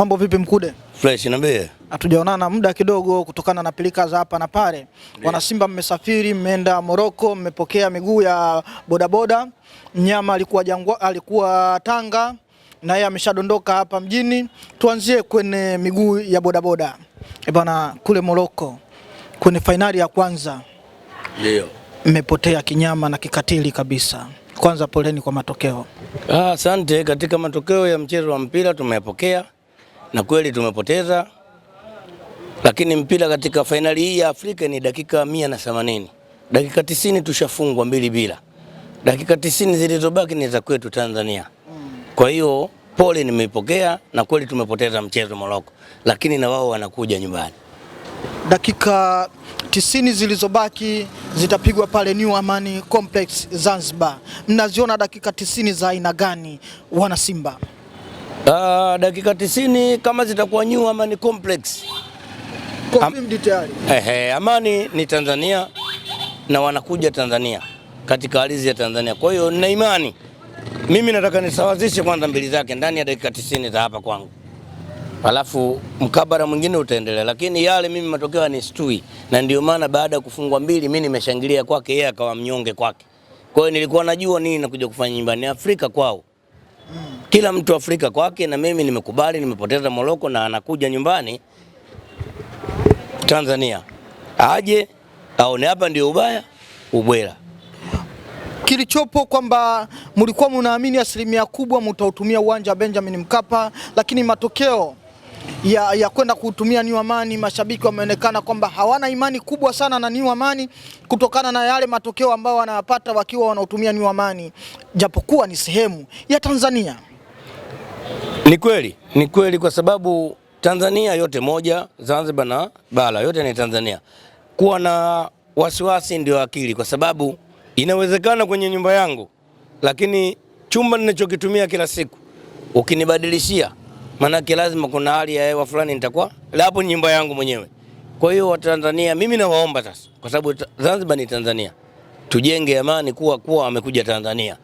Mambo vipi Mkude? Fresh niambie. Hatujaonana muda kidogo kutokana na pilika za hapa na pale. Wana Wanasimba mmesafiri, mmeenda Moroko, mmepokea miguu ya bodaboda. Mnyama alikuwa jangwa, alikuwa Tanga na yeye ameshadondoka hapa mjini. Tuanzie kwenye miguu ya bodaboda. Eh, bana kule Moroko kwenye fainali ya kwanza. Ndio. Mmepotea kinyama na kikatili kabisa. Kwanza poleni kwa matokeo. Ah, asante. Katika matokeo ya mchezo wa mpira tumeyapokea na kweli tumepoteza, lakini mpira katika fainali hii ya Afrika ni dakika mia na themanini. Dakika tisini tushafungwa mbili bila, dakika tisini zilizobaki ni za kwetu Tanzania. Kwa hiyo pole, nimeipokea na kweli tumepoteza mchezo Moroko, lakini na wao wanakuja nyumbani. Dakika tisini zilizobaki zitapigwa pale New Amani Complex Zanzibar. Mnaziona dakika tisini za aina gani, wana Simba? Uh, dakika tisini kama zitakuwa nyu ama ni complex. Am eh, eh, Amani ni Tanzania na wanakuja Tanzania katika ardhi ya Tanzania. Kwa hiyo nina imani mimi, nataka nisawazishe kwanza mbili zake ndani ya dakika tisini za hapa kwangu, alafu mkabara mwingine utaendelea, lakini yale mimi matokeo ni stui, na ndio maana baada ya kufungwa mbili mimi nimeshangilia kwake, yeye akawa mnyonge kwake. Kwa hiyo nilikuwa najua nini nakuja kufanya nyumbani Afrika kwao kila mtu Afrika kwake, na mimi nimekubali, nimepoteza Moroko na anakuja nyumbani Tanzania, aje aone hapa ndio ubaya ubwela kilichopo kwamba mlikuwa mnaamini asilimia kubwa mtautumia uwanja wa Benjamin Mkapa, lakini matokeo ya, ya kwenda kuutumia New Amani, mashabiki wameonekana kwamba hawana imani kubwa sana na New Amani kutokana na yale matokeo ambayo wanayapata wakiwa wanautumia New Amani, japokuwa ni sehemu ya Tanzania. Ni kweli, ni kweli kwa sababu Tanzania yote moja, Zanzibar na bara yote ni Tanzania. Kuwa na wasiwasi ndio akili, kwa sababu inawezekana kwenye nyumba yangu, lakini chumba ninachokitumia kila siku ukinibadilishia, maanake lazima kuna hali ya hewa fulani nitakuwa hapo nyumba yangu mwenyewe. Kwa hiyo Watanzania, mimi nawaomba sasa, kwa sababu Zanzibar ni Tanzania, tujenge amani, kuwa kuwa wamekuja Tanzania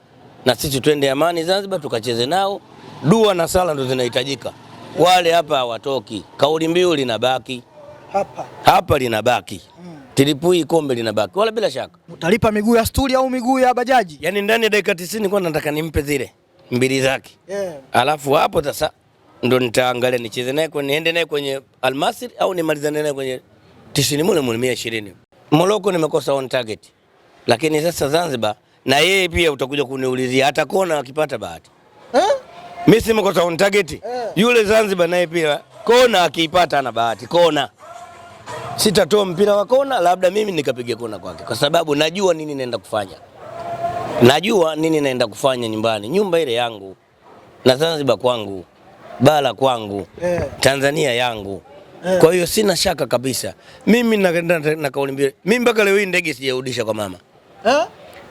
na sisi twende amani Zanzibar, tukacheze nao dua na sala ndo zinahitajika. Wale hapa hawatoki, kauli mbiu linabaki hapa, hapa linabaki mm. Tilipui kombe linabaki, wala bila shaka utalipa miguu ya stuli au miguu ya bajaji. Yani ndani ya dakika 90 kwa nataka nimpe zile mbili zake yeah. Alafu hapo sasa ndo nitaangalia nicheze naye kwa niende naye kwenye Almasri au nimalizane naye kwenye 90 mule mule 120. ishirini. nimekosa on target, lakini sasa Zanzibar na yeye pia utakuja kuniulizia hata kona akipata bahati eh? mimi si kwa town target eh. Yule Zanzibar naye pia kona akiipata ana bahati kona, sitatoa mpira wa kona, labda mimi nikapiga kona kwake, kwa sababu najua nini naenda kufanya, najua nini naenda kufanya nyumbani, nyumba ile yangu na Zanzibar kwangu, bara kwangu eh. Tanzania yangu eh. Kwa hiyo sina shaka kabisa mimi na, na, na kauli mbili. Mimi mpaka leo hii ndege sijarudisha kwa mama eh?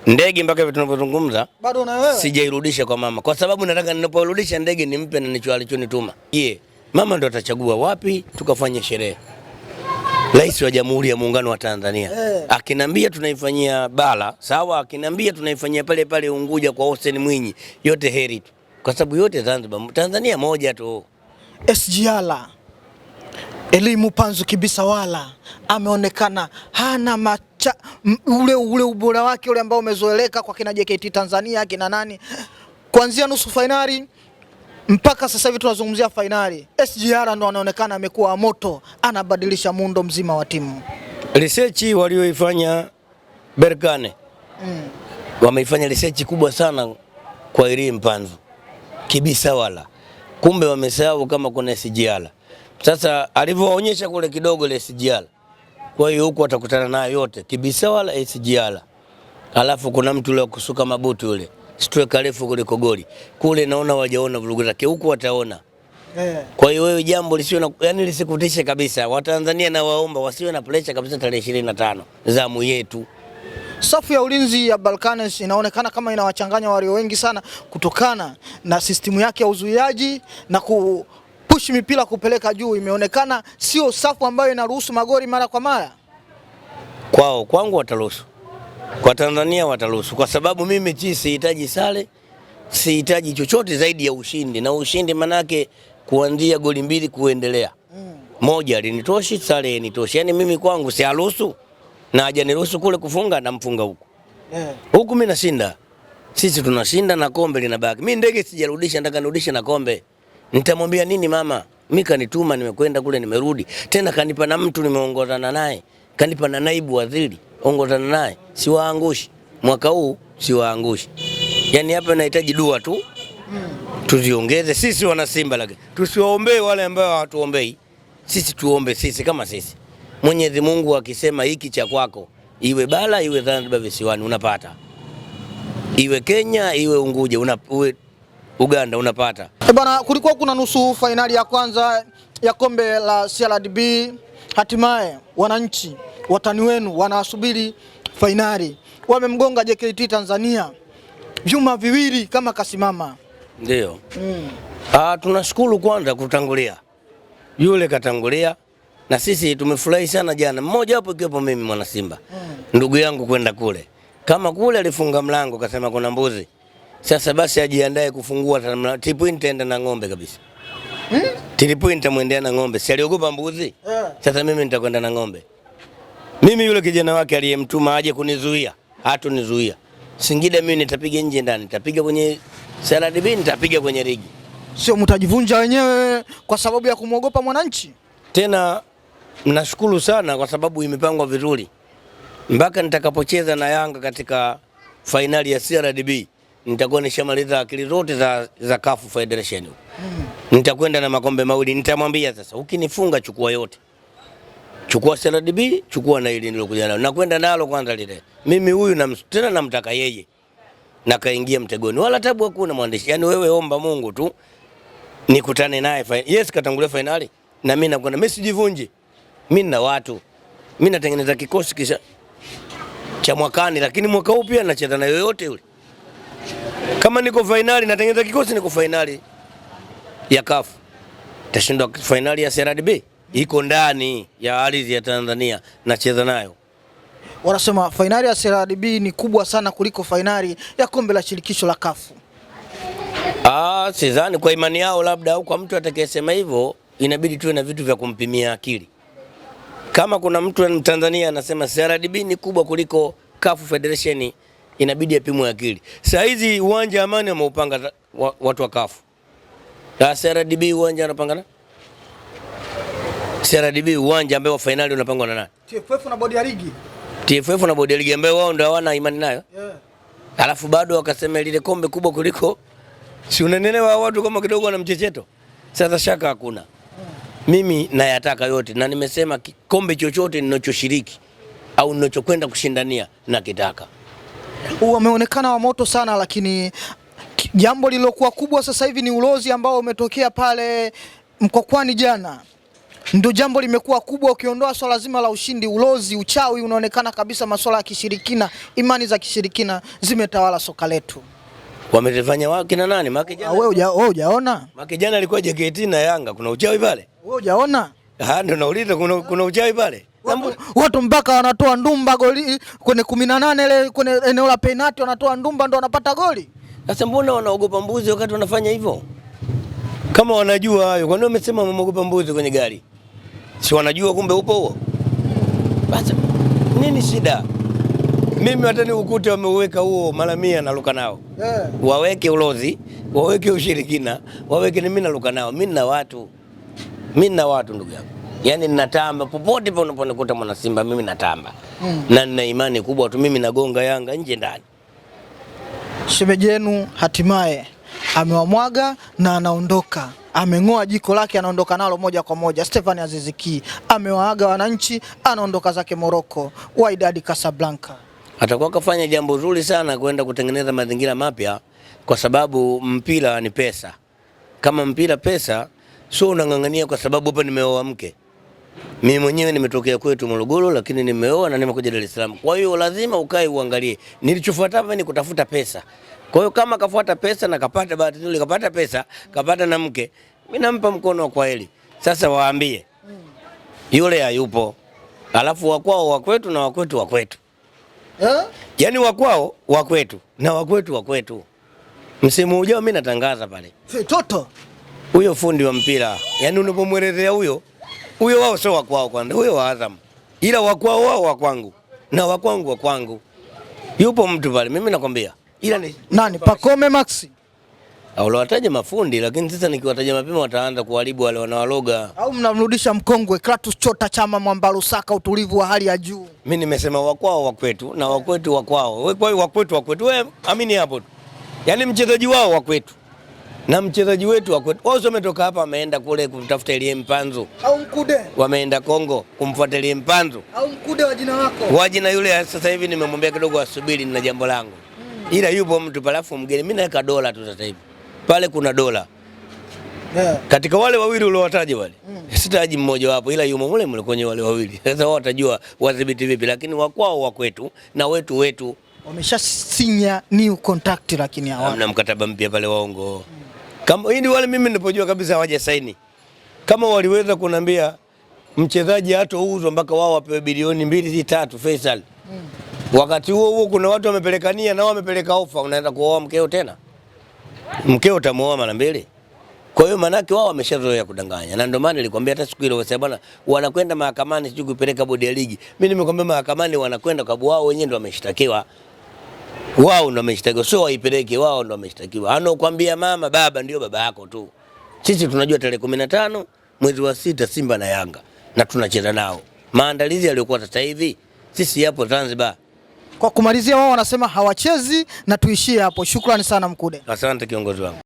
Ndege mpaka hivi tunavyozungumza bado na wewe sijairudisha kwa mama, kwa sababu nataka ninapoirudisha ndege nimpe na nicho alichonituma ye Mama ndo atachagua wapi tukafanya sherehe. Rais wa Jamhuri ya Muungano wa Tanzania hey. Eh. Akinambia tunaifanyia bala sawa, akinambia tunaifanyia pale pale Unguja kwa Hussein Mwinyi, yote heri tu, kwa sababu yote Zanzibar, Tanzania moja tu SGR Elimu Panzu kibisa wala ameonekana hana macha, ule, ule ubora wake ule ambao umezoeleka kwa kina JKT Tanzania kina nani, kuanzia nusu fainali mpaka sasa hivi tunazungumzia fainali. SGR ndo anaonekana amekuwa moto, anabadilisha muundo mzima wa timu. Research walioifanya Berkane mm. wameifanya research kubwa sana kwa Elimu Panzu Kibisawala, kumbe wamesahau kama kuna SGR sasa alivyoonyesha kule kidogo ile SGR. Kwa hiyo huko atakutana nayo yote, kibisa wala SGR. Alafu kuna mtu yule kusuka mabutu yule. Stroke refu kuliko goli. Kule naona wajaona vurugu zake, huko wataona. Eh. Kwa hiyo wewe jambo lisio na yani lisikutishe kabisa. Watanzania na waomba wasiwe na pressure kabisa tarehe 25. Zamu yetu. Safu ya ulinzi ya Balkans inaonekana kama inawachanganya walio wengi sana kutokana na sistimu yake ya uzuiaji na ku kupush mipira kupeleka juu, imeonekana sio safu ambayo inaruhusu magoli mara kwa mara. Kwao kwangu wataruhusu, kwa Tanzania wataruhusu, kwa sababu mimi mechi sihitaji sare, sihitaji chochote zaidi ya ushindi, na ushindi manake kuanzia goli mbili kuendelea. Mm. Moja linitoshi, sare initoshi. Yani mimi kwangu siaruhusu na hajaniruhusu kule kufunga na mfunga huku. Yeah. Huku mimi nashinda. Sisi tunashinda na kombe linabaki. Mimi ndege sijarudisha, nataka nirudishe na kombe. Nitamwambia nini mama? Mimi kanituma, nimekwenda kule, nimerudi tena, kanipa na mtu nimeongozana naye, kanipa na naibu waziri ongozana naye, siwaangushi mwaka huu, siwaangushi. Yaani hapa nahitaji dua tu hmm. tuziongeze sisi wana Simba, lakini tusiwaombee wale ambao hawatuombei sisi, tuombe sisi kama sisi. Mwenyezi Mungu akisema hiki cha kwako, iwe bala iwe Zanzibar visiwani, unapata iwe Kenya iwe Unguja una, Uganda unapata. E eh, bana, kulikuwa kuna nusu fainali ya kwanza ya kombe la CRDB. Hatimaye wananchi watani wenu wanasubiri fainali, wamemgonga JKT Tanzania vyuma viwili kama kasimama. Ndio mm. Ah, tunashukuru kwanza kutangulia, yule katangulia na sisi tumefurahi sana jana, mmoja wapo ikiwepo mimi mwana Simba mm. ndugu yangu kwenda kule, kama kule alifunga mlango kasema kuna mbuzi sasa basi ajiandae kufungua tipu nitaenda na ng'ombe kabisa. Hmm? Tipu nitamwendea na ng'ombe. Si aliogopa mbuzi? Yeah. Sasa mimi nitakwenda na ng'ombe. Mimi yule kijana wake aliyemtuma aje kunizuia, hatunizuia. Singida mimi nitapiga nje ndani, nitapiga kwenye saladi bin, nitapiga kwenye rigi. Sio mtajivunja wenyewe kwa sababu ya kumwogopa mwananchi? Tena nashukuru sana kwa sababu imepangwa vizuri. Mpaka nitakapocheza na Yanga katika fainali ya CRDB nitakuwa nishamaliza akili zote za, za CAF Federation mm. Nitakwenda na makombe mawili, nitamwambia sasa, ukinifunga chukua yote, chukua CRDB, chukua na ile nilokuja nalo, nakwenda nalo kwanza lile. Mimi huyu na tena namtaka yeye, na kaingia mtegoni, wala tabu hakuna mwandishi. Yani wewe omba Mungu tu nikutane naye. Yes, katangulia finali na mimi nakwenda, mimi sijivunji, mimi na watu, mimi natengeneza kikosi kisha cha mwakani, lakini mwaka huu pia nacheza na yoyote yule. Kama niko fainali natengeneza kikosi, niko fainali ya CAF, tashindwa fainali ya CRDB iko ndani ya ardhi ya Tanzania, nacheza nayo. Wanasema fainali ya CRDB ni kubwa sana kuliko fainali ya kombe la shirikisho la CAF. Ah, sidhani. Kwa imani yao labda, au kwa mtu atakayesema hivyo, inabidi tuwe na vitu vya kumpimia akili. Kama kuna mtu Mtanzania anasema CRDB ni kubwa kuliko CAF Federation inabidi apimwe akili. Sasa hizi uwanja Amani ameupanga watu wa kafu na CRDB uwanja anapanga na CRDB uwanja ambao fainali unapangwa na nani? TFF na bodi ya ligi. TFF na bodi ya ligi ambao wao ndio hawana imani nayo. Yeah. Alafu bado wakasema lile kombe kubwa kuliko si unanelewa watu kama kidogo na mchecheto. Sasa shaka hakuna. Yeah. Hmm. Mimi nayataka yote na nimesema kombe chochote ninachoshiriki au ninachokwenda kushindania nakitaka wameonekana wa moto sana, lakini jambo lililokuwa kubwa sasa hivi ni ulozi ambao umetokea pale Mkwakwani jana ndio jambo limekuwa kubwa. Ukiondoa swala zima la ushindi, ulozi, uchawi unaonekana kabisa. Masuala ya kishirikina, imani za kishirikina zimetawala soka letu. Wamelifanya wao kina nani? Ah, wewe hujaona makijana alikuwa JKT na Yanga, kuna uchawi pale? Wewe hujaona? Ah, ndio nauliza, kuna, kuna uchawi pale? watu mpaka wanatoa ndumba goli kwenye kumi na nane ile kwenye eneo la penalti, wanatoa ndumba ndo wanapata goli. Sasa mbona wanaogopa mbuzi wakati wanafanya hivyo? Kama wanajua hayo, kwa nini wamesema wameogopa mbuzi kwenye gari? Si wanajua kumbe upo huo. Basi nini shida? Mimi hata ni ukute wameuweka huo mara mia naluka nao yeah. Waweke ulozi, waweke ushirikina, waweke ni mimi naluka nao. Mimi na watu, mimi na watu ndugu yangu yani ninatamba popote pale unaponikuta mwana Simba mimi natamba mm. na nina imani kubwa tu mimi nagonga Yanga nje ndani. Shemeji yenu hatimaye amewamwaga na anaondoka, ameng'oa jiko lake, anaondoka nalo moja kwa moja. Stefani Aziziki amewaaga wananchi, anaondoka zake Moroko, Wydad Casablanca. Atakuwa kafanya jambo zuri sana kwenda kutengeneza mazingira mapya, kwa sababu mpira ni pesa. Kama mpira pesa, sio unang'ang'ania kwa sababu hapa nimeoa mke mimi mwenyewe nimetokea kwetu Morogoro, lakini nimeoa na nimekuja Dar es Salaam. Kwa hiyo lazima ukae uangalie. Nilichofuata hapa ni kutafuta pesa. Kwa hiyo kama kafuata pesa na kapata bahati nzuri, kapata pesa, kapata na mke, mimi nampa mkono wa kwaheri. Sasa waambie yule hayupo, alafu wakwao wakwetu na wakwetu wakwetu, yaani wakwao wakwetu na wakwetu wakwetu. Msimu ujao mimi natangaza pale, toto huyo fundi wa mpira, yaani unapomwelezea huyo huyo wao sio wakwao kwanza, huyo wa Azam, ila wakwao wao wa kwangu na wakwangu kwangu. Yupo mtu pale, mimi nakwambia, ila ni nani? Pakome Maxi ah, Wataje mafundi lakini sasa nikiwataja mapema wataanza kuharibu wale wanawaloga. Au mnamrudisha mkongwe Kratos Chota Chama Mwambarusaka, utulivu wa hali ya juu. Mimi nimesema wakwao wakwetu na wakwetu wakwao. Wewe kwa hiyo wakwetu wakwetu, wewe amini hapo tu, yaani mchezaji wao wakwetu na mchezaji wetu wose wametoka hapa, wameenda kule kumtafuta Elie Mpanzu au Mkude, wameenda Kongo kumfuata Elie Mpanzu au Mkude wa jina wako wa jina yule. Sasa hivi nimemwambia kidogo asubiri, nina jambo langu mm. Ila yupo mtu palafu mgeni, mimi naweka dola tu sasa hivi pale, kuna dola yeah. Katika wale wawili uliowataja wale mm. Sitaji mmoja wapo, ila yumo mule mule kwenye wale wawili. Sasa wao watajua wadhibiti vipi, lakini wakwao wa kwetu na wetu wetu wameshasinya new contract, lakini hawana mkataba mpya pale waongo mm. Kama hii wale mimi nilipojua kabisa saini. Kama waliweza kuniambia mchezaji uzo mpaka wao wapewe bilioni mbili si tatu Faisal. Mm. Wakati huo huo kuna watu wamepeleka nia na wamepeleka ofa, unaenda kuoa mkeo tena. Mkeo utamuoa mara mbili. Kwa hiyo manake wao wameshazoea kudanganya. Na ndio maana nilikwambia hata siku ile wasema bwana wanakwenda mahakamani sijui kupeleka bodi ya ligi. Mimi nimekwambia mahakamani wanakwenda kwa sababu wao wenyewe ndio wameshtakiwa wao ndo wameshtakiwa, sio waipeleke, wao ndo wameshtakiwa. Anaokuambia mama baba ndio baba yako tu. Sisi tunajua tarehe 15 mwezi wa sita Simba na Yanga na tunacheza nao. Maandalizi yaliyokuwa sasa hivi sisi hapo Zanzibar. Kwa kumalizia, wao wanasema hawachezi na tuishie hapo. Shukrani sana Mkude. Asante kiongozi wangu.